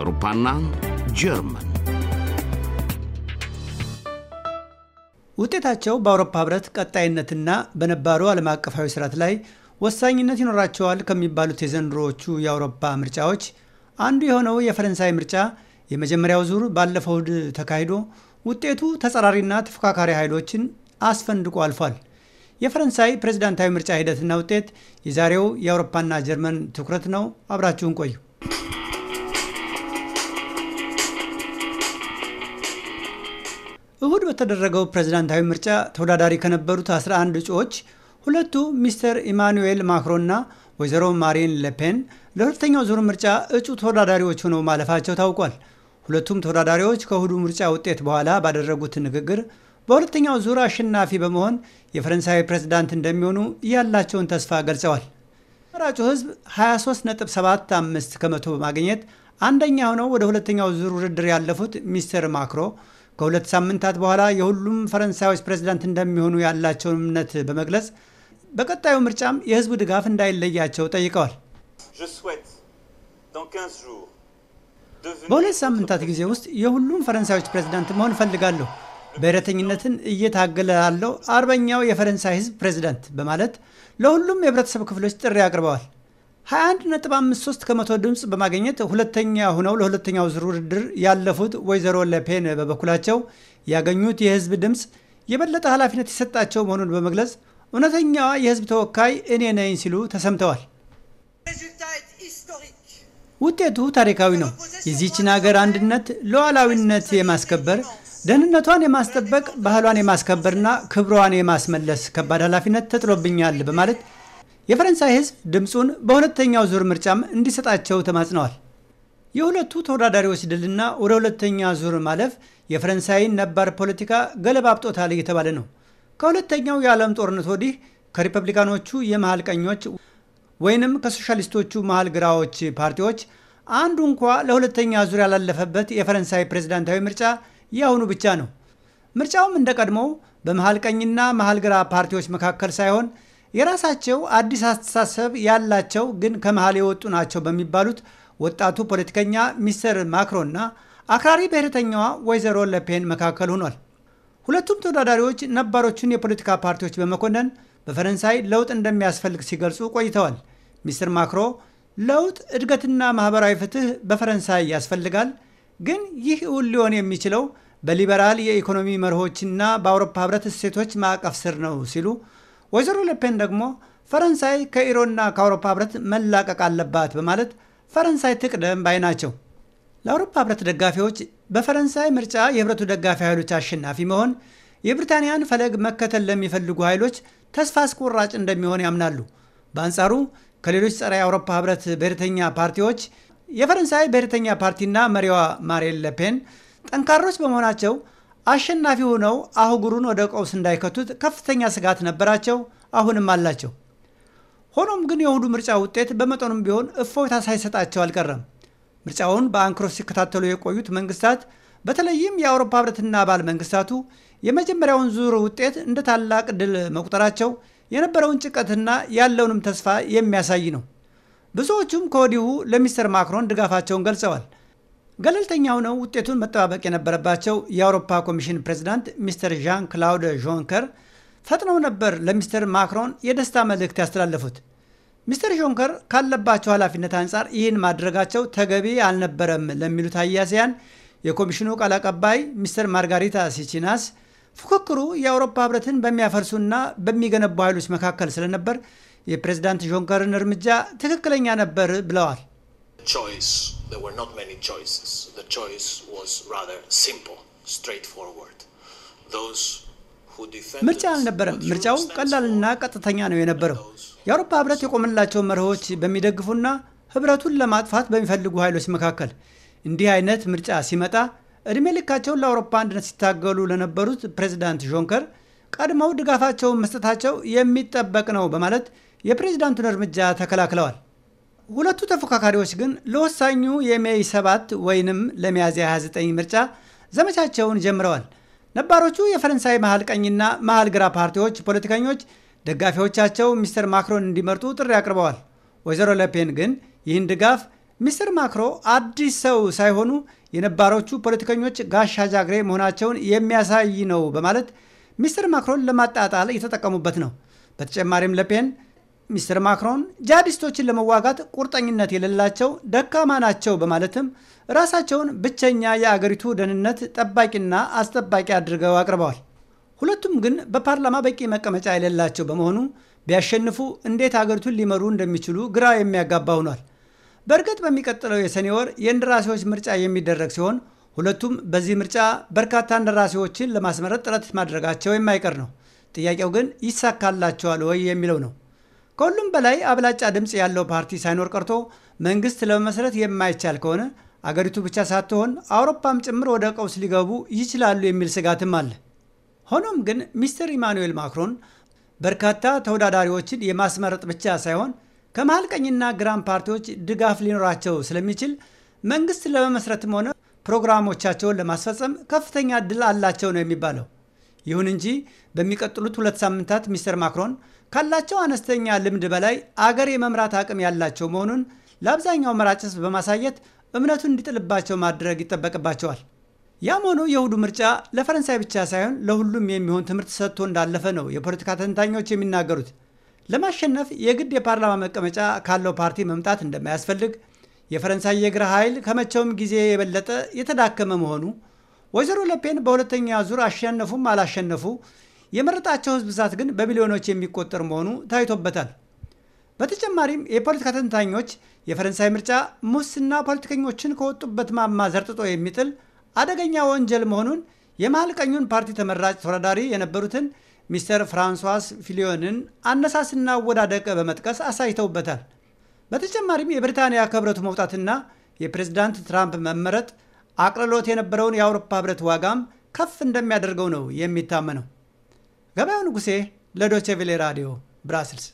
አውሮፓና ጀርመን ውጤታቸው በአውሮፓ ህብረት ቀጣይነትና በነባሩ ዓለም አቀፋዊ ስርዓት ላይ ወሳኝነት ይኖራቸዋል ከሚባሉት የዘንድሮዎቹ የአውሮፓ ምርጫዎች አንዱ የሆነው የፈረንሳይ ምርጫ የመጀመሪያው ዙር ባለፈው እሁድ ተካሂዶ ውጤቱ ተጸራሪና ተፎካካሪ ኃይሎችን አስፈንድቆ አልፏል። የፈረንሳይ ፕሬዝዳንታዊ ምርጫ ሂደትና ውጤት የዛሬው የአውሮፓና ጀርመን ትኩረት ነው። አብራችሁን ቆዩ። እሁድ በተደረገው ፕሬዝዳንታዊ ምርጫ ተወዳዳሪ ከነበሩት 11 እጩዎች ሁለቱ ሚስተር ኢማኑኤል ማክሮንና ወይዘሮ ማሪን ለፔን ለሁለተኛው ዙር ምርጫ እጩ ተወዳዳሪዎች ሆነው ማለፋቸው ታውቋል። ሁለቱም ተወዳዳሪዎች ከእሁዱ ምርጫ ውጤት በኋላ ባደረጉት ንግግር በሁለተኛው ዙር አሸናፊ በመሆን የፈረንሳዊ ፕሬዝዳንት እንደሚሆኑ ያላቸውን ተስፋ ገልጸዋል። መራጩ ህዝብ 23.75 ከመቶ በማግኘት አንደኛ ሆነው ወደ ሁለተኛው ዙር ውድድር ያለፉት ሚስተር ማክሮ ከሁለት ሳምንታት በኋላ የሁሉም ፈረንሳዮች ፕሬዝዳንት እንደሚሆኑ ያላቸውን እምነት በመግለጽ በቀጣዩ ምርጫም የህዝቡ ድጋፍ እንዳይለያቸው ጠይቀዋል። በሁለት ሳምንታት ጊዜ ውስጥ የሁሉም ፈረንሳዮች ፕሬዝዳንት መሆን እፈልጋለሁ ብሔረተኝነትን እየታገለ አርበኛው የፈረንሳይ ሕዝብ ፕሬዝዳንት በማለት ለሁሉም የህብረተሰብ ክፍሎች ጥሪ አቅርበዋል። 21.53 ከመቶ ድምፅ በማግኘት ሁለተኛ ሆነው ለሁለተኛው ዙር ውድድር ያለፉት ወይዘሮ ለፔን በበኩላቸው ያገኙት የህዝብ ድምፅ የበለጠ ኃላፊነት የሰጣቸው መሆኑን በመግለጽ እውነተኛዋ የህዝብ ተወካይ እኔ ነኝ ሲሉ ተሰምተዋል። ውጤቱ ታሪካዊ ነው። የዚህችን ሀገር አንድነት ሉዓላዊነት የማስከበር ደህንነቷን የማስጠበቅ ባህሏን የማስከበርና ክብሯን የማስመለስ ከባድ ኃላፊነት ተጥሎብኛል በማለት የፈረንሳይ ሕዝብ ድምፁን በሁለተኛው ዙር ምርጫም እንዲሰጣቸው ተማጽነዋል። የሁለቱ ተወዳዳሪዎች ድልና ወደ ሁለተኛ ዙር ማለፍ የፈረንሳይን ነባር ፖለቲካ ገለባብጦታል እየተባለ ነው። ከሁለተኛው የዓለም ጦርነት ወዲህ ከሪፐብሊካኖቹ የመሃል ቀኞች ወይንም ከሶሻሊስቶቹ መሃል ግራዎች ፓርቲዎች አንዱ እንኳ ለሁለተኛ ዙር ያላለፈበት የፈረንሳይ ፕሬዚዳንታዊ ምርጫ የአሁኑ ብቻ ነው። ምርጫውም እንደ ቀድሞ በመሀል ቀኝና መሀል ግራ ፓርቲዎች መካከል ሳይሆን የራሳቸው አዲስ አስተሳሰብ ያላቸው ግን ከመሀል የወጡ ናቸው በሚባሉት ወጣቱ ፖለቲከኛ ሚስተር ማክሮንና አክራሪ ብሔረተኛዋ ወይዘሮ ለፔን መካከል ሆኗል። ሁለቱም ተወዳዳሪዎች ነባሮቹን የፖለቲካ ፓርቲዎች በመኮነን በፈረንሳይ ለውጥ እንደሚያስፈልግ ሲገልጹ ቆይተዋል። ሚስትር ማክሮ ለውጥ፣ እድገትና ማህበራዊ ፍትህ በፈረንሳይ ያስፈልጋል ግን ይህ እውን ሊሆን የሚችለው በሊበራል የኢኮኖሚ መርሆችና በአውሮፓ ህብረት እሴቶች ማዕቀፍ ስር ነው ሲሉ ወይዘሮ ለፔን ደግሞ ፈረንሳይ ከኢሮና ከአውሮፓ ህብረት መላቀቅ አለባት በማለት ፈረንሳይ ትቅደም ባይ ናቸው። ለአውሮፓ ህብረት ደጋፊዎች በፈረንሳይ ምርጫ የህብረቱ ደጋፊ ኃይሎች አሸናፊ መሆን የብሪታንያን ፈለግ መከተል ለሚፈልጉ ኃይሎች ተስፋ አስቆራጭ እንደሚሆን ያምናሉ። በአንጻሩ ከሌሎች ጸረ የአውሮፓ ህብረት ብሔርተኛ ፓርቲዎች የፈረንሳይ ብሔርተኛ ፓርቲና መሪዋ ማሪን ለፔን ጠንካሮች በመሆናቸው አሸናፊ ሆነው አህጉሩን ወደ ቀውስ እንዳይከቱት ከፍተኛ ስጋት ነበራቸው፣ አሁንም አላቸው። ሆኖም ግን የእሁዱ ምርጫ ውጤት በመጠኑም ቢሆን እፎይታ ሳይሰጣቸው አልቀረም። ምርጫውን በአንክሮ ሲከታተሉ የቆዩት መንግስታት በተለይም የአውሮፓ ህብረትና አባል መንግስታቱ የመጀመሪያውን ዙር ውጤት እንደ ታላቅ ድል መቁጠራቸው የነበረውን ጭንቀትና ያለውንም ተስፋ የሚያሳይ ነው። ብዙዎቹም ከወዲሁ ለሚስተር ማክሮን ድጋፋቸውን ገልጸዋል። ገለልተኛ ነው ውጤቱን መጠባበቅ የነበረባቸው የአውሮፓ ኮሚሽን ፕሬዚዳንት ሚስተር ዣን ክላውድ ዦንከር ፈጥነው ነበር ለሚስተር ማክሮን የደስታ መልእክት ያስተላለፉት። ሚስተር ዦንከር ካለባቸው ኃላፊነት አንጻር ይህን ማድረጋቸው ተገቢ አልነበረም ለሚሉት አያሲያን የኮሚሽኑ ቃል አቀባይ ሚስተር ማርጋሪታ ሲቺናስ ፉክክሩ የአውሮፓ ህብረትን በሚያፈርሱና በሚገነቡ ኃይሎች መካከል ስለነበር የፕሬዚዳንት ጆንከርን እርምጃ ትክክለኛ ነበር ብለዋል። ምርጫ አልነበረም። ምርጫው ቀላልና ቀጥተኛ ነው የነበረው። የአውሮፓ ህብረት የቆመላቸው መርሆች በሚደግፉና ህብረቱን ለማጥፋት በሚፈልጉ ኃይሎች መካከል እንዲህ አይነት ምርጫ ሲመጣ እድሜ ልካቸውን ለአውሮፓ አንድነት ሲታገሉ ለነበሩት ፕሬዚዳንት ጆንከር ቀድመው ድጋፋቸውን መስጠታቸው የሚጠበቅ ነው በማለት የፕሬዚዳንቱን እርምጃ ተከላክለዋል። ሁለቱ ተፎካካሪዎች ግን ለወሳኙ የሜይ 7 ወይንም ለሚያዝያ 29 ምርጫ ዘመቻቸውን ጀምረዋል። ነባሮቹ የፈረንሳይ መሀል ቀኝና መሀል ግራ ፓርቲዎች ፖለቲከኞች ደጋፊዎቻቸው ሚስተር ማክሮን እንዲመርጡ ጥሪ አቅርበዋል። ወይዘሮ ለፔን ግን ይህን ድጋፍ ሚስተር ማክሮ አዲስ ሰው ሳይሆኑ የነባሮቹ ፖለቲከኞች ጋሻ ጃግሬ መሆናቸውን የሚያሳይ ነው በማለት ሚስተር ማክሮን ለማጣጣል የተጠቀሙበት ነው። በተጨማሪም ለፔን ሚስተር ማክሮን ጂሃዲስቶችን ለመዋጋት ቁርጠኝነት የሌላቸው ደካማ ናቸው በማለትም ራሳቸውን ብቸኛ የአገሪቱ ደህንነት ጠባቂና አስጠባቂ አድርገው አቅርበዋል። ሁለቱም ግን በፓርላማ በቂ መቀመጫ የሌላቸው በመሆኑ ቢያሸንፉ እንዴት አገሪቱን ሊመሩ እንደሚችሉ ግራ የሚያጋባ ሆኗል። በእርግጥ በሚቀጥለው የሰኔ ወር የእንደራሴዎች ምርጫ የሚደረግ ሲሆን ሁለቱም በዚህ ምርጫ በርካታ እንደራሴዎችን ለማስመረጥ ጥረት ማድረጋቸው የማይቀር ነው። ጥያቄው ግን ይሳካላቸዋል ወይ የሚለው ነው። ከሁሉም በላይ አብላጫ ድምፅ ያለው ፓርቲ ሳይኖር ቀርቶ መንግስት ለመመስረት የማይቻል ከሆነ አገሪቱ ብቻ ሳትሆን አውሮፓም ጭምር ወደ ቀውስ ሊገቡ ይችላሉ የሚል ስጋትም አለ። ሆኖም ግን ሚስተር ኢማኑኤል ማክሮን በርካታ ተወዳዳሪዎችን የማስመረጥ ብቻ ሳይሆን ከመሀል ቀኝና ግራም ፓርቲዎች ድጋፍ ሊኖራቸው ስለሚችል መንግስት ለመመስረትም ሆነ ፕሮግራሞቻቸውን ለማስፈጸም ከፍተኛ እድል አላቸው ነው የሚባለው። ይሁን እንጂ በሚቀጥሉት ሁለት ሳምንታት ሚስተር ማክሮን ካላቸው አነስተኛ ልምድ በላይ አገር የመምራት አቅም ያላቸው መሆኑን ለአብዛኛው መራጭ በማሳየት እምነቱን እንዲጥልባቸው ማድረግ ይጠበቅባቸዋል። ያም ሆኖ የእሁዱ ምርጫ ለፈረንሳይ ብቻ ሳይሆን ለሁሉም የሚሆን ትምህርት ሰጥቶ እንዳለፈ ነው የፖለቲካ ተንታኞች የሚናገሩት። ለማሸነፍ የግድ የፓርላማ መቀመጫ ካለው ፓርቲ መምጣት እንደማያስፈልግ፣ የፈረንሳይ የግራ ኃይል ከመቼውም ጊዜ የበለጠ የተዳከመ መሆኑ ወይዘሮ ለፔን በሁለተኛ ዙር አሸነፉም አላሸነፉ የመረጣቸው ህዝብ ብዛት ግን በሚሊዮኖች የሚቆጠር መሆኑ ታይቶበታል። በተጨማሪም የፖለቲካ ተንታኞች የፈረንሳይ ምርጫ ሙስና ፖለቲከኞችን ከወጡበት ማማ ዘርጥጦ የሚጥል አደገኛ ወንጀል መሆኑን የመሀል ቀኙን ፓርቲ ተመራጭ ተወዳዳሪ የነበሩትን ሚስተር ፍራንሷስ ፊሊዮንን አነሳስና አወዳደቅ በመጥቀስ አሳይተውበታል። በተጨማሪም የብሪታንያ ከህብረቱ መውጣትና የፕሬዝዳንት ትራምፕ መመረጥ አቅልሎት የነበረውን የአውሮፓ ህብረት ዋጋም ከፍ እንደሚያደርገው ነው የሚታመነው። ገበያው ንጉሴ ለዶቼ ራዲዮ ብራስልስ